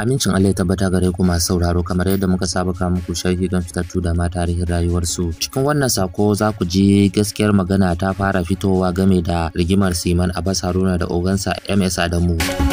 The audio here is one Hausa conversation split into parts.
Amincin Allah ya tabbata gare ku masu sauraro kamar yadda muka saba ka muku sharhi don fitattu da ma tarihin rayuwarsu. Cikin wannan sako za ku ji gaskiyar magana ta fara fitowa game da rigimar Siman Abbas Haruna da ogansa MS Adamu.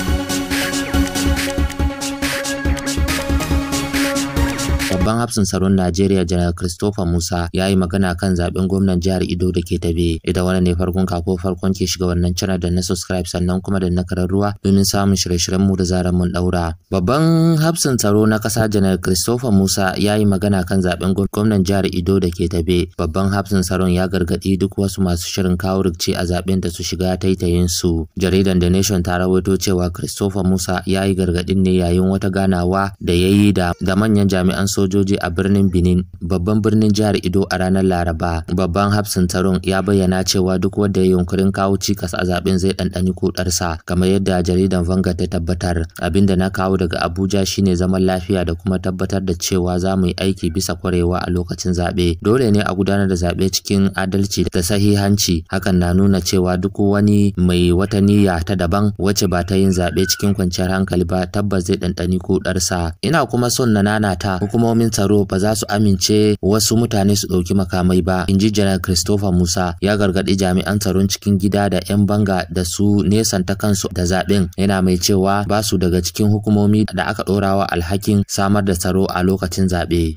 Babban hafsin tsaron Najeriya Janar Christopher Musa ya yi magana kan zaben gwamnan jihar Ido da ke tabe. Ita wannan ne farkon ka ko farkon ke shiga wannan channel da na subscribe sannan kuma da na kararruwa domin samun shirye-shiryen mu da zaran mun daura. Babban hafsin tsaro na kasa Janar Christopher Musa ya yi magana kan zaben gwamnan jihar Ido da ke tabe. Babban hafsin tsaron ya gargadi duk wasu masu shirin kawo rikici a zaben da su shiga taitayin su. Jaridan The Nation ta rawaito cewa Christopher Musa ya yi gargadin ne yayin wata ganawa da ya yi da manyan jami'an sojoji sojoji a birnin Benin, babban birnin jihar Ido a ranar Laraba. Babban hafsin taron ya bayyana cewa duk wanda ya yunkurin kawo cikas a zaben zai ɗanɗani kudarsa kamar yadda jaridan Vanga ta tabbatar. Abinda na kawo daga Abuja shine zaman lafiya da kuma tabbatar da cewa za mu yi aiki bisa kwarewa a lokacin zaɓe. Dole ne a gudanar da zaɓe cikin adalci da sahihanci. Hakan na nuna cewa duk wani mai wata niyya ta daban wacce ba ta yin zaɓe cikin kwanciyar hankali ba tabbas zai ɗanɗani kudarsa. Ina kuma son na nana ta hukumomin jami'an tsaro ba za su amince wasu mutane su ɗauki makamai ba in ji janar christopher musa ya gargaɗi jami'an tsaron cikin gida da 'yan banga da su nesanta kansu da zaɓen yana mai cewa ba su daga cikin hukumomi da aka ɗorawa alhakin samar da tsaro a lokacin zaɓe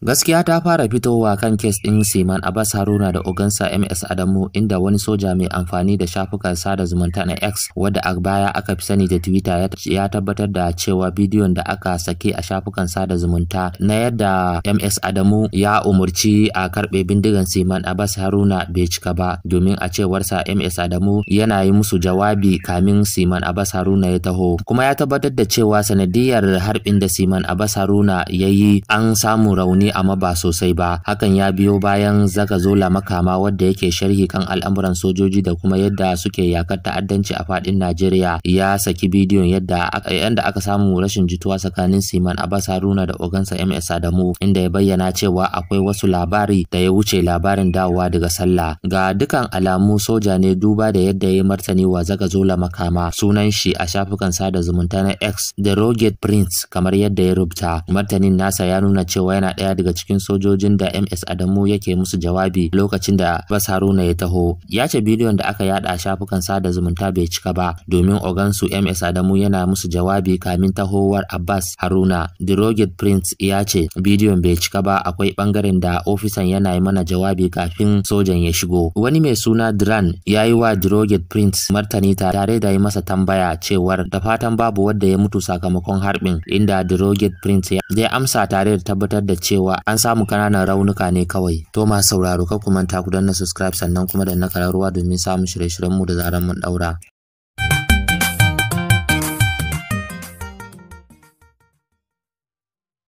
Gaskiya ta fara fitowa kan kes ɗin Siman Abbas Haruna da ogansa MS Adamu inda wani soja mai amfani da shafukan sada zumunta na X wadda a baya aka fi sani da Twitter ya tabbatar da cewa bidiyon da aka sake a shafukan sada zumunta na yadda MS Adamu ya umurci a karɓe bindigan Siman Abbas Haruna bai cika ba domin a cewarsa MS Adamu yana yi musu jawabi kamin Siman Abbas Haruna ya taho kuma ya tabbatar da cewa sanadiyar harbin da Siman Abbas Haruna ya yi an samu rauni Ama amma ba sosai ba hakan ya biyo bayan zaga-zola makama wadda yake sharhi kan al'amuran sojoji da kuma yadda suke yakar ta'addanci a fadin Najeriya ya saki bidiyon yadda yanda aka samu rashin jituwa tsakanin Siman Abbas Haruna da ogansa MS Adamu inda ya bayyana cewa akwai wasu labari da ya wuce labarin dawowa daga sallah ga dukan alamu soja ne duba da yadda ya martani wa zaga-zola- makama sunan shi a shafukan sada zumunta na X da Roget Prince kamar yadda ya rubuta martanin nasa ya nuna cewa yana ɗaya daga cikin sojojin da ms adamu yake musu jawabi lokacin da bas haruna ya taho ya ce bidiyon da aka yada shafukan sada zumunta bai cika ba domin ogansu ms adamu yana musu jawabi kamin tahowar abbas haruna Rugged prince ya ce bidiyon bai cika ba akwai bangaren da ofisan yana yi mana jawabi kafin sojan ya shigo wani mai suna dran ya yi wa Rugged prince martani tare da yi masa tambaya cewar da fatan babu wanda ya mutu sakamakon harbin inda Rugged prince ya amsa tare da tabbatar da cewa cewa an samu kananan raunuka ne kawai to ma sauraro ka ku manta ku danna subscribe sannan kuma danna kararruwa domin samun shirye-shiryenmu da zaran mun daura